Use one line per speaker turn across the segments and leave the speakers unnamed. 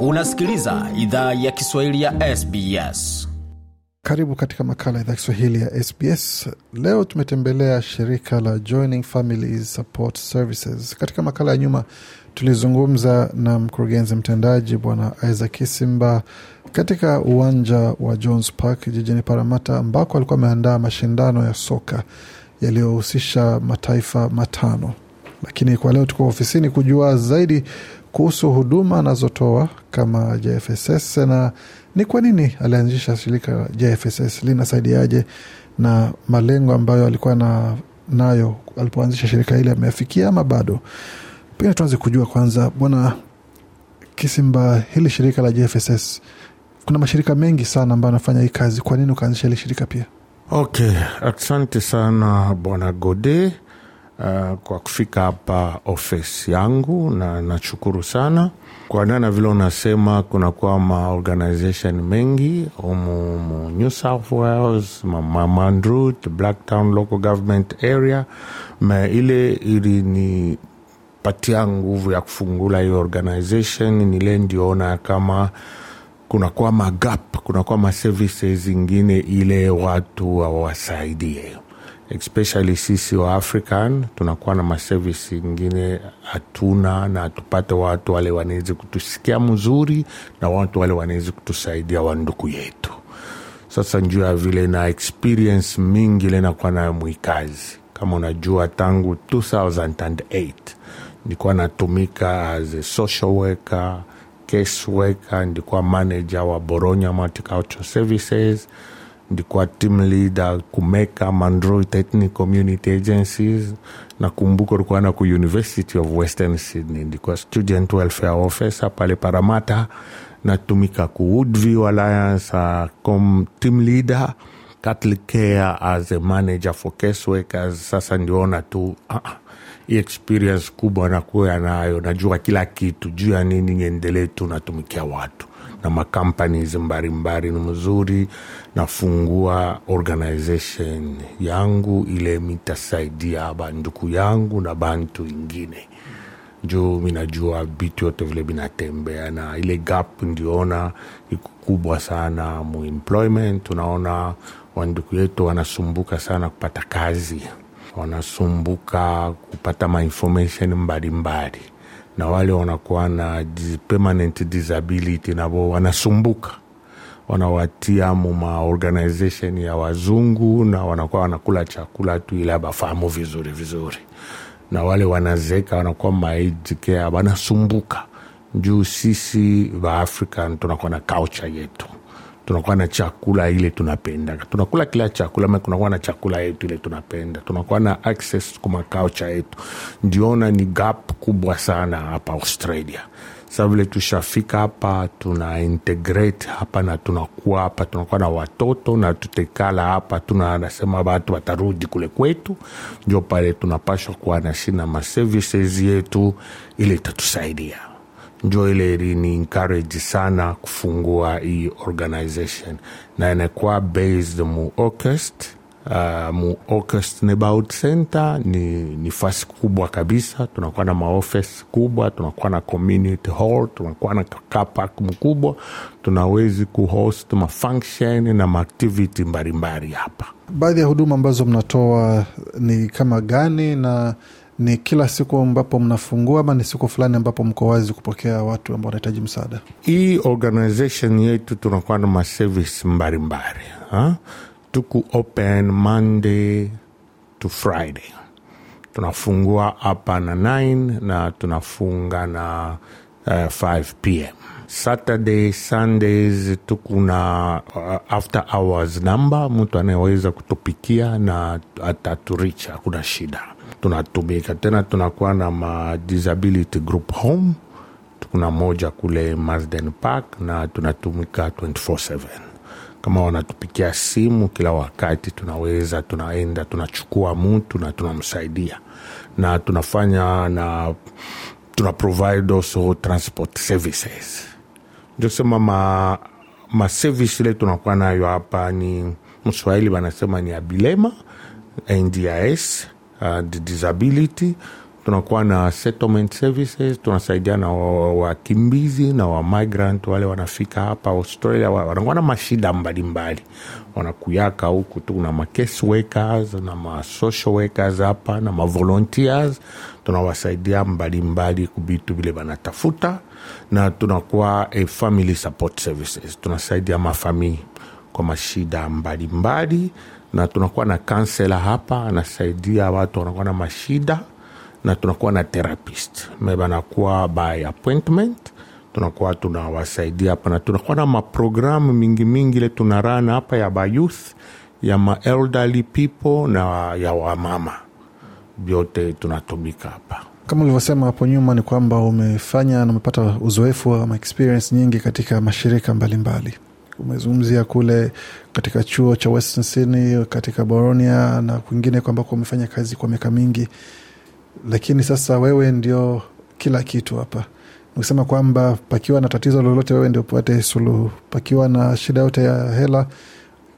Unasikiliza idhaa ya Kiswahili ya SBS.
Karibu katika makala idhaa Kiswahili ya SBS. Leo tumetembelea shirika la Joining Families Support Services. Katika makala ya nyuma tulizungumza na mkurugenzi mtendaji Bwana Isaac simba katika uwanja wa Jones Park jijini Paramata, ambako alikuwa ameandaa mashindano ya soka yaliyohusisha mataifa matano. Lakini kwa leo tuko ofisini kujua zaidi kuhusu huduma anazotoa kama JFSS na ni kwa nini alianzisha shirika JFSS, linasaidiaje na malengo ambayo alikuwa na nayo alipoanzisha shirika hili ameafikia ama bado? Pengine tuanze kujua kwanza, bwana Kisimba, hili shirika la JFSS, kuna mashirika mengi sana ambayo anafanya hii kazi. Kwa nini ukaanzisha hili shirika pia?
Okay, asante sana bwana Gode uh, kwa kufika hapa ofisi yangu, na nashukuru sana kuandana vile unasema, kunakuwa maorganization mengi umu New South Wales, Mamandrut, Blacktown local government area ma ile ilini patia nguvu ya kufungula hiyo organization nile ndioona kama kunakuwa magap, kunakuwa maservices zingine ile watu wawasaidie especially sisi wa African tunakuwa na maservisi ingine hatuna, na tupate watu wale wanaezi kutusikia mzuri na watu wale wanaezi kutusaidia wanduku yetu. Sasa njuu ya vile na experience mingi ile nakuwa nayo mwikazi, kama unajua, tangu 2008 nikuwa natumika as a social worker, case worker, nilikuwa manager wa Boronya Multicultural Services nilikuwa team leader kumeka mandroi technic community agencies nakumbuka ulikuwa na ku university of western sydney ndikuwa student welfare officer pale paramata natumika ku woodview alliance uh, com team leader catholic care as a manager for caseworkers sasa ndiona tu uh, experience kubwa nakuya nayo najua kila kitu juu ya nini niendelee tu natumikia watu na makampanies mbalimbali ni mzuri, nafungua organization yangu ile mitasaidia banduku yangu na bantu ingine juu minajua vitu yote vile vinatembea, na ile gap ndiona iko kubwa sana muemployment unaona wanduku yetu wanasumbuka sana kupata kazi, wanasumbuka kupata mainfomation mbalimbali mbali na wale wanakuwa na permanent disability navo wanasumbuka wanawatia muma organization ya wazungu na wanakuwa wanakula chakula tu ila abafahamu vizuri vizuri na wale wanazeka wanakuwa maidkea wanasumbuka juu sisi baafrika tunakuwa na culture yetu tunakuwa na chakula ile tunapenda tunakula kila chakula ma kunakuwa na chakula yetu ile tunapenda tunakuwa na access kwa makaucha yetu ndiona ni gap kubwa sana hapa australia sa vile tushafika hapa tuna integrate hapa na tunakuwa hapa tunakuwa na watoto na tutekala hapa tunasema watu watarudi kule kwetu ndio pale tunapashwa kuwa na shina maservices yetu ili itatusaidia njo ile ni encourage sana kufungua hii organization na inakuwa based mu orchest uh, mu orchest neighborhood center ni fasi kubwa kabisa tunakuwa na maoffice kubwa tunakuwa na community hall tunakuwa na kapak mkubwa tunawezi kuhost mafunction na maactivity mbalimbali hapa
baadhi ya huduma ambazo mnatoa ni kama gani na ni kila siku ambapo mnafungua ama ni siku fulani ambapo mko wazi kupokea watu ambao wanahitaji msaada?
Hii organization yetu tunakuwa na maservice mbalimbali, tuku open Monday to Friday. Tunafungua hapa na 9 na tunafunga na uh, 5 pm. Saturday Sundays tukuna uh, eh, after hours namba, mtu anayeweza kutupikia na ataturicha, hakuna shida tunatumika tena, tunakuwa na ma disability group home, tukuna moja kule Marsden Park na tunatumika 24/7 kama wanatupikia simu kila wakati, tunaweza tunaenda tunachukua mtu na tunamsaidia na tunafanya na tuna provide also transport services. Ndiosema ma, ma service ile tunakuwa nayo hapa ni mswahili wanasema ni abilema NDIS uh, disability tunakuwa na settlement services, tunasaidia na wakimbizi na wamigrant wale wanafika hapa Australia, wanakuwa na mashida mbalimbali, wanakuyaka huku tu na macase workers na masocial workers hapa na mavolunteers, tunawasaidia mbalimbali kubitu vile wanatafuta, na tunakuwa a family support services, tunasaidia mafamii kwa mashida mbalimbali mbali na tunakuwa na kansela hapa anasaidia watu wanakuwa na mashida na tunakuwa na therapist me banakuwa by appointment tunakuwa tunawasaidia hapa na tunakuwa na maprogramu mingi mingi ile tunarana hapa ya bayouth ya maelderly people na ya wamama vyote tunatumika
hapa kama ulivyosema hapo nyuma ni kwamba umefanya na umepata uzoefu ama experience nyingi katika mashirika mbalimbali mbali umezungumzia kule katika chuo cha Western Sydney, katika Boronia na kwingine ambako umefanya kazi kwa miaka mingi, lakini sasa wewe ndio kila kitu hapa. Nikisema kwamba pakiwa na tatizo lolote, wewe ndio upate suluhu. Pakiwa na shida yote ya hela,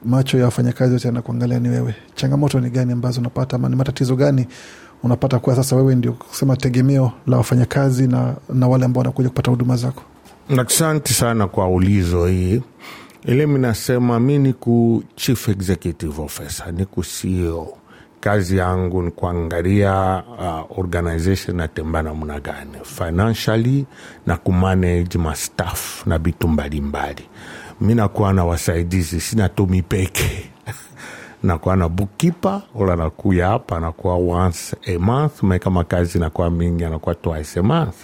macho ya wafanyakazi wote yanakuangalia ni wewe. Changamoto ni gani ambazo unapata ama ni matatizo gani unapata kuwa sasa wewe ndio kusema tegemeo la wafanyakazi na, na wale ambao wanakuja kupata huduma zako?
Asante sana kwa ulizo hii ile minasema mi ni ku chief executive officer, ni ku CEO. Kazi yangu ni kuangalia uh, organization natembea namna gani financially na kumanage mastaff na vitu mbalimbali. Mi nakuwa na wasaidizi, sina tu mipeke nakuwa na bookkeeper ola nakuya hapa nakuwa once a month mekama kazi nakuwa mingi anakuwa twice a month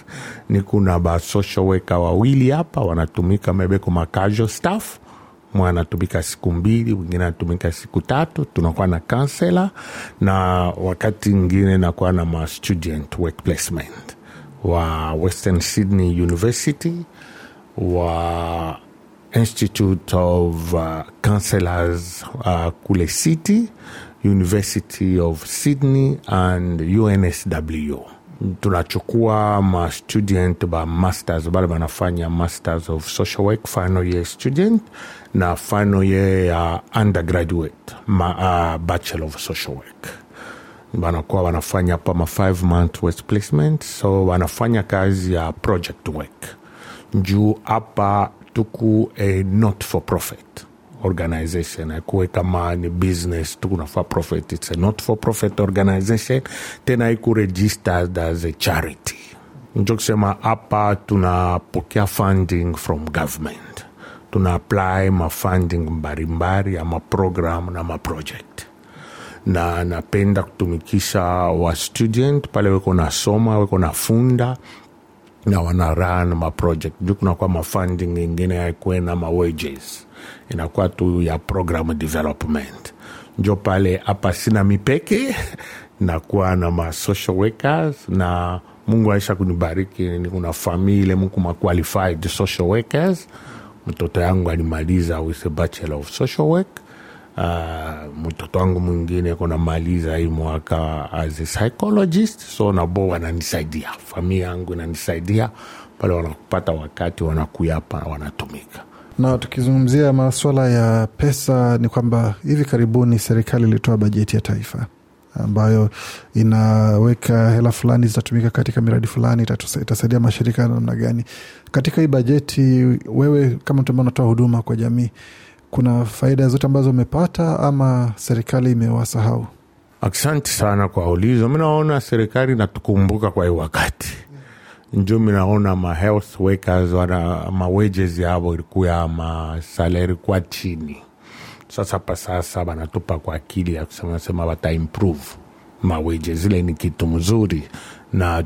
ni kuna ba social worker wawili hapa wanatumika mebeko ma casual staff mmoja anatumika siku mbili, wengine anatumika siku tatu. Tunakuwa na kansela na wakati ingine nakuwa na ma student wa Western Sydney University wa Institute of uh, Counselors uh, kule City, University of Sydney and UNSW tunachukua ma student ba masters bale banafanya masters of social work final year student na final year ya uh, undergraduate ma, uh, bachelor of social work banakuwa wanafanya pa ma 5 month west placement so wanafanya kazi ya project work juu hapa tuku a not for profit organization haikuweka eh, mani business tu unafaa profit its a not for profit organization tena iku registered as a charity njo kusema hapa tunapokea funding from government tuna apply mafunding mbalimbali ya program na maproject na napenda kutumikisha wa student pale weko nasoma weko nafunda na wana run maproject juu kunakuwa mafunding ingine yakuena ma wages inakuwa tu ya program development njo pale hapa sina mipeke nakuwa na ma social workers na mungu aisha kunibariki kuna famili muku ma qualified social workers mtoto yangu alimaliza with bachelor of social work uh, mtoto wangu mwingine kunamaliza hii mwaka as a psychologist so nabo wananisaidia familia yangu inanisaidia pale wanakupata wakati wanakuya hapa wanatumika
na tukizungumzia maswala ya pesa, ni kwamba hivi karibuni serikali ilitoa bajeti ya taifa ambayo inaweka hela fulani zitatumika katika miradi fulani, itasaidia mashirika namna gani. Katika hii bajeti, wewe kama mtu ambao unatoa huduma kwa jamii, kuna faida zote ambazo umepata ama serikali imewasahau?
Asante sana kwa ulizo. Mi naona serikali inatukumbuka kwa hii wakati njumi naona mahealth workers wana mawages yavo ilikuya masalari kwa chini. Sasa pa sasa wanatupa kwa akili ya kusemasema sema bata improve ile ni kitu mzuri na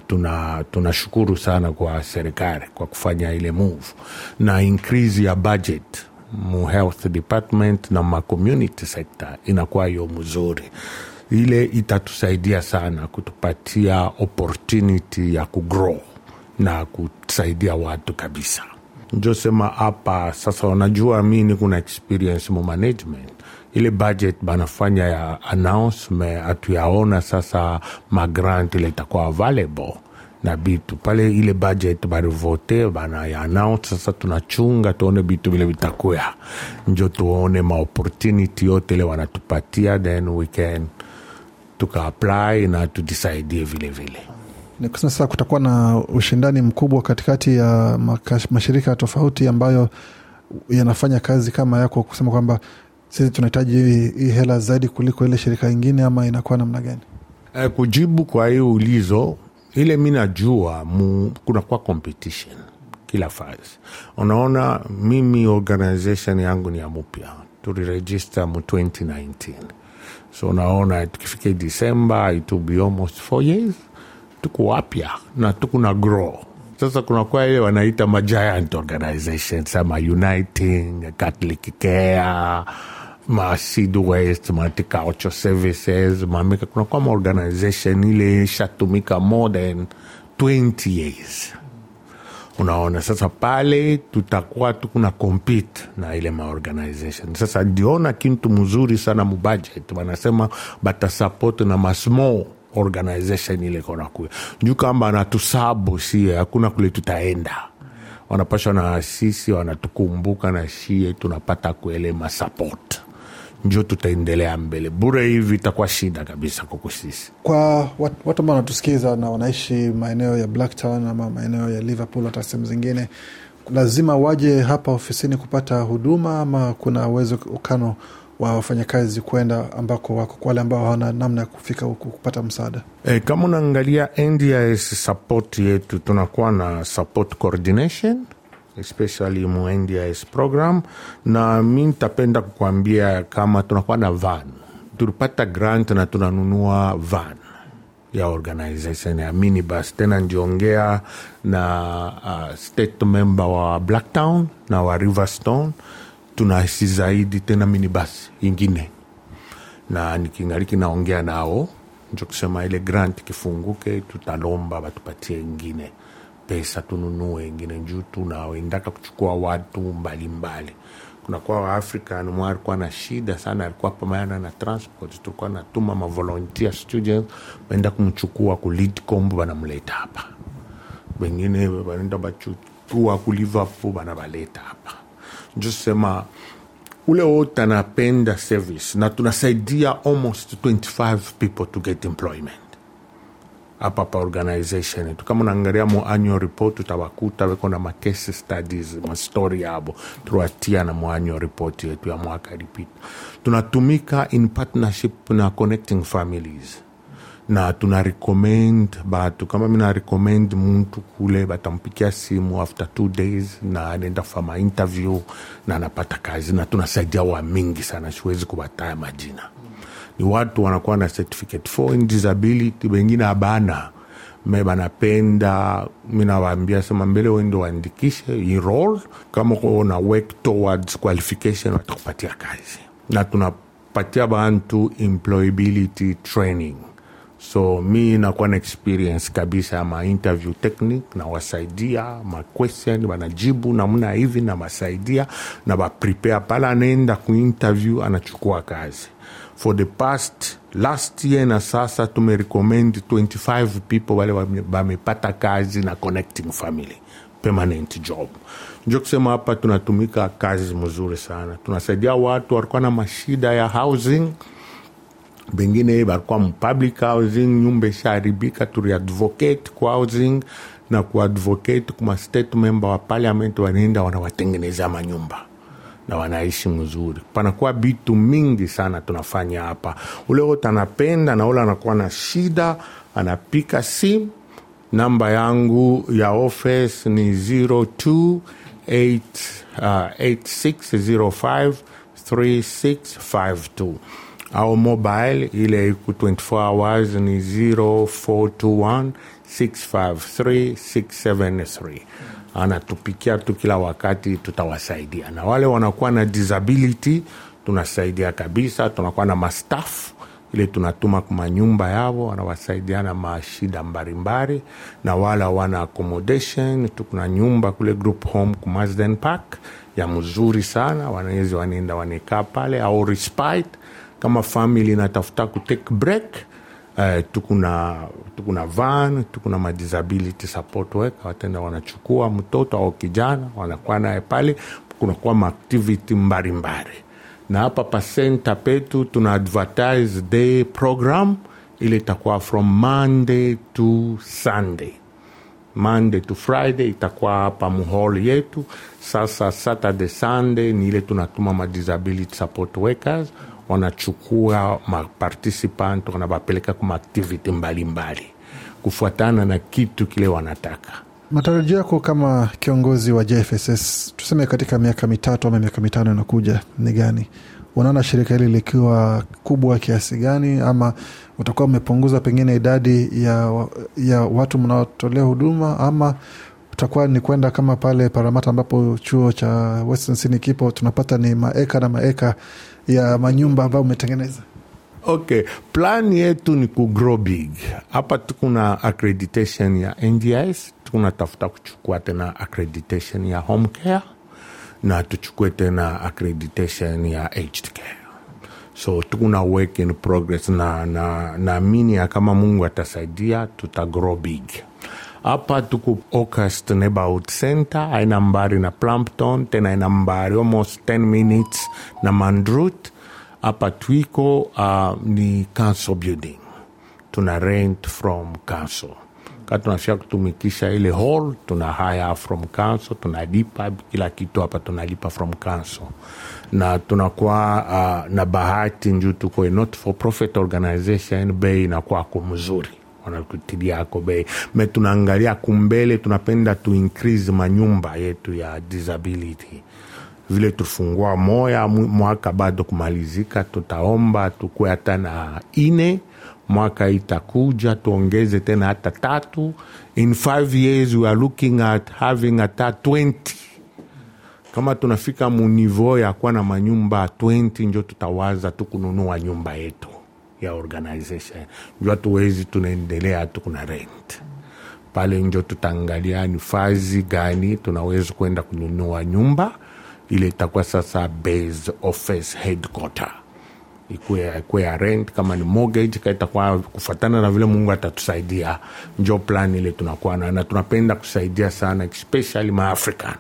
tuna sana kwa serikali kwa kufanya ile move na increase ya budget mu health department na ma community sector inakuwa hiyo mzuri ile itatusaidia sana kutupatia opportunity ya kugrow na kusaidia watu kabisa. Njosema hapa sasa, wanajua mini kuna experience mu management ile budget banafanya ya announcement hatuyaona sasa magrant ile itakuwa available na bitu pale, ile budget barivote bana ya announce. Sasa tunachunga tuone bitu vile vitakuya, njo tuone ma opportunity yote ile wanatupatia, then we can tuka apply na tudisaidie vile vile
ni kusema sasa kutakuwa na ushindani mkubwa katikati ya makash, mashirika tofauti ambayo yanafanya kazi kama yako, kusema kwamba sisi tunahitaji hii hela zaidi kuliko ile shirika ingine, ama inakuwa namna gani?
Eh, kujibu kwa hiyo ulizo ile, mi najua kunakuwa competition kila fazi. Unaona, mimi organization yangu ni ya mpya tulirejista mu 2019 so unaona, tukifika Disemba it will be almost four years tuko wapya na tuko na grow sasa kunakuwa ile wanaita magiant organizations ama uniting catholic care ma seed waste services mamika kunakuwa maorganization ile ishatumika more than 20 years unaona sasa pale tutakuwa tukuna compete na ile maorganization sasa ndiona kintu mzuri sana mubudget wanasema batasupport na masmall organization ile kona juu kamba anatusabu sie hakuna kule tutaenda wanapashwa na sisi wanatukumbuka na shie tunapata kuelema support njo tutaendelea mbele bure hivi itakuwa shida kabisa kuku sisi
kwa watu ambao wanatusikiza na wanaishi maeneo ya blacktown ama maeneo ya liverpool hata sehemu zingine lazima waje hapa ofisini kupata huduma ama kuna uwezo wa wafanyakazi kwenda ambako wako, kwa wale ambao hawana namna ya kufika huku kupata msaada.
E, kama unaangalia NDIS support yetu, tunakuwa na support coordination especially mu NDIS program, na mi nitapenda kukuambia kama tunakuwa na van, tulipata grant na tunanunua van ya organization ya minibus tena njiongea na uh, state member wa Blacktown na wa Riverstone tunahisi zaidi tena minibasi ingine, na nikingali kinaongea nao njo kusema ile grant kifunguke, tutalomba batupatie ingine pesa tununue ingine juu tunawendaka kuchukua watu mbalimbali mbali. Kuna kwa Waafrika mwa alikuwa na shida sana, alikuwa pamayana na transport, tulikuwa natuma mavolontia student waenda kumchukua kulitcombo banamleta hapa, wengine banaenda bachukua ku Liverpool banabaleta hapa jusema ule wote anapenda service na tunasaidia almost 25 people to get employment hapa pa organization yetu. Kama unaangalia mu annual report utawakuta weko na ma case studies mastori story yabo tuwatia na mu annual report yetu ya mwaka ilipita. Tunatumika in partnership na connecting families na tuna recommend batu kama mina recommend mtu kule batampikia simu after two days na anaenda kufama interview na anapata kazi na tunasaidia wa mingi sana siwezi kubataya majina ni watu wanakuwa na certificate for disability wengine abana me banapenda minawaambia sema mbele wende waandikishe enroll kama una work towards qualification watakupatia kazi na tunapatia bantu employability training so mi nakuwa na experience kabisa ya ma interview technique nawasaidia ma question banajibu namna hivi nawasaidia na waprepare pala anaenda kuinterview anachukua kazi for the past last year na sasa tumerecommend 25 people wale wamepata kazi na connecting family permanent job njo kusema hapa tunatumika kazi mzuri sana tunasaidia watu walikuwa na mashida ya housing Bengine balikuwa public housing, nyumba ishaharibika, advocate kwa housing na kuadvocate kuma state member wa parliament, wanaenda wanawatengenezea manyumba na wanaishi mzuri. Panakuwa vitu mingi sana tunafanya hapa. Ule wote anapenda na ule anakuwa na shida, anapika simu. Namba yangu ya office ni 3652 Our mobile ile iku 24 hours ni 0421 653 673 anatupikia tu kila wakati, tutawasaidia. Na wale wanakuwa na disability tunasaidia kabisa, tunakuwa na mastaff ile tunatuma kumanyumba nyumba yao, wanawasaidiana mashida mbalimbali, na wala wana accommodation. Tukuna nyumba kule group home ku Park ya mzuri sana, wanaezi wanaenda wanekaa pale, au respite kama famili inatafuta kutake break Uh, eh, tukuna tukuna van tukuna madisability support work watenda wanachukua mtoto au kijana wanakuwa naye pale, kunakuwa maaktivity mbalimbali. Na hapa pa center petu tuna advertise day program, ile itakuwa from Monday to Sunday, Monday to Friday itakuwa hapa muhol yetu. Sasa Saturday Sunday ni ile tunatuma madisability support workers wanachukua maparticipant wanawapeleka kuma aktiviti mbalimbali kufuatana na kitu kile wanataka.
Matarajio yako kama kiongozi wa JFSS, tuseme katika miaka mitatu ama miaka mitano inakuja ni gani? Unaona shirika hili likiwa kubwa kiasi gani, ama utakuwa umepunguza pengine idadi ya, ya watu mnaotolea huduma ama tutakuwa ni kwenda kama pale Paramata ambapo chuo cha Western Sydney kipo, tunapata ni maeka na maeka ya manyumba ambayo umetengeneza.
Okay, plan yetu ni ku grow big hapa. Tukuna accreditation ya NDIS, tafuta kuchukua tena accreditation ya home care na tuchukue tena accreditation ya aged care. So tukuna work in progress na naamini na kama Mungu atasaidia tuta grow big hapa tuku Oakast Neighborhood Center, aina mbari na Plumpton, tena aina mbari almost 10 minutes na Mandrut. Hapa twiko uh, ah, ni council building, tuna rent from council ka tunafika kutumikisha ile hall tuna haya from council, tunalipa kila kitu hapa tunalipa from council, na tunakuwa uh, na bahati njuu tuko not for profit organization, bei inakuwa mzuri wanatutilia bei me tunaangalia kumbele, tunapenda tu increase manyumba yetu ya disability vile tufungua moya mwaka bado kumalizika, tutaomba tukue hata na ine mwaka itakuja tuongeze tena hata tatu. In five years we are looking at having hata 20 kama tunafika munivo ya kuwa na manyumba 20 njo tutawaza tu kununua nyumba yetu ya organization jua tuwezi tunaendelea tu kuna rent pale njo tutaangalia ni fazi gani tunaweza kwenda kununua nyumba ile itakuwa sasa base office headquarter ikue ya rent kama ni mortgage kaitakuwa kufatana na vile mungu atatusaidia njo plan ile tunakuwa na na tunapenda kusaidia sana especially maafrican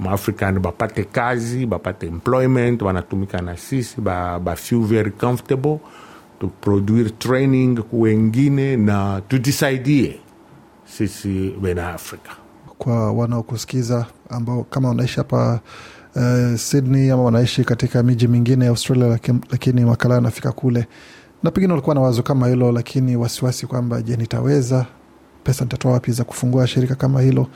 maafrican bapate kazi bapate employment wanatumika na sisi ba, ba feel very comfortable tuproduire training wengine na tujisaidie sisi wena Afrika.
Kwa wanaokusikiza ambao kama wanaishi hapa uh, Sydney ama wanaishi katika miji mingine ya Australia, lakini, lakini makala yanafika kule, na pengine walikuwa na wazo kama hilo, lakini wasiwasi kwamba je, nitaweza pesa nitatoa wapi za kufungua shirika kama hilo?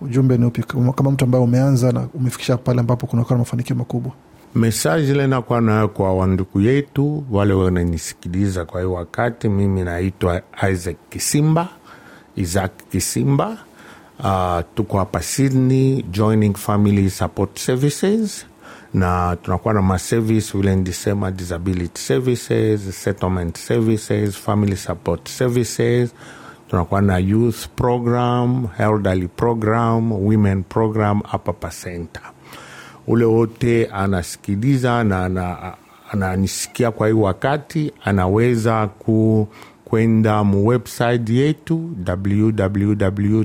Ujumbe ni upi kama mtu ambaye umeanza na umefikisha pale ambapo kunakuwa na mafanikio makubwa?
Mesaji lenakuwa nayo kwa wanduku yetu wale wananisikiliza kwa hii wakati. Mimi naitwa Isaac Kisimba, Isaac Kisimba. Uh, tuko hapa Sydney, Joining Family Support Services, na tunakuwa na maservice vile ndisema, disability services, settlement services, family support services. Tunakuwa na youth program, elderly program, women program hapa pa center ule wote anasikiliza na ana, ananisikia kwa hii wakati anaweza ku kwenda mu yetu www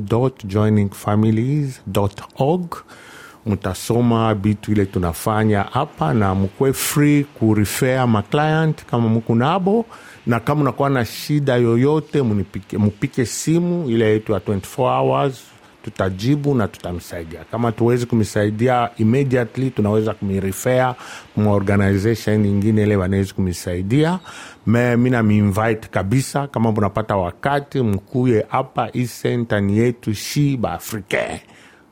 org mutasoma bitu ile tunafanya hapa na mkwe free kurifea maclient kama mku nabo na kama unakuwa na shida yoyote mupike simu ile yetu ya 24 hours tutajibu na tutamsaidia. Kama tuwezi kumsaidia immediately, tunaweza kumirifea maorganization ingine ile wanawezi kumsaidia. Me mina miinvite kabisa, kama unapata wakati mkuye hapa, isentani senta ni yetu Shiba Africain.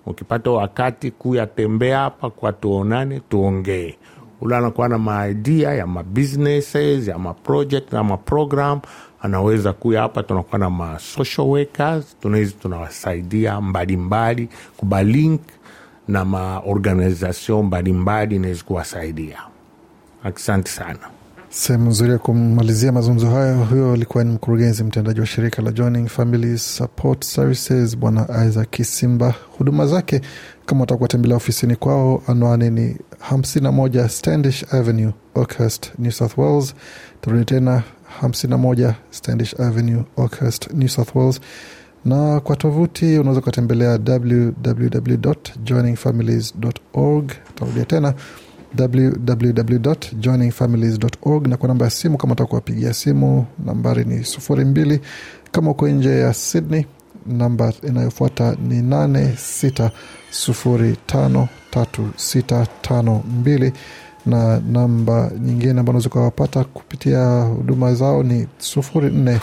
Ukipata wakati kuyatembea hapa kwa, tuonane tuongee ule anakuwa na maidia ya mabusinesses ya maproject na maprogram anaweza kuya hapa. Tunakuwa na ma social workers tunawezi tunawasaidia mbalimbali kubalink na maorganization mbalimbali inaweza kuwasaidia. Asante sana.
Sehemu nzuri ya kumalizia mazungumzo hayo. Huyo alikuwa ni mkurugenzi mtendaji wa shirika la Joining Family Support Services, Bwana Isaac Kisimba. Huduma zake kama watakuwa ofisini kwao, anwani ni 51 Standish Avenue, Oakhurst, New South Wales. Turudi tena 51 Standish Avenue, Oakhurst, New South Wales, na kwa tovuti unaweza ukatembelea www.joiningfamilies.org. Tarudia tena www.joiningfamilies.org, na kwa namba ya simu kama utakuwapigia simu, nambari ni sufuri mbili kama uko nje ya Sydney namba inayofuata ni mbili na namba nyingine ambazo zikawapata kupitia huduma zao ni sufuri nne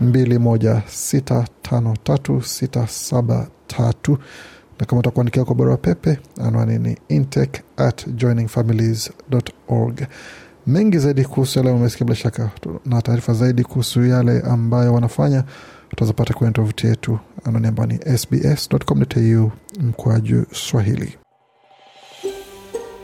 mbili moja sita tano tatu sita saba tatu na kama utakuandikia kwa barua pepe anwani ni intake at org mengi zaidi kuhusu yale umesikia bila shaka na taarifa zaidi kuhusu yale ambayo wanafanya utazapata kwenye tovuti yetu anwani ambao ni sbs.com.au mkwaju swahili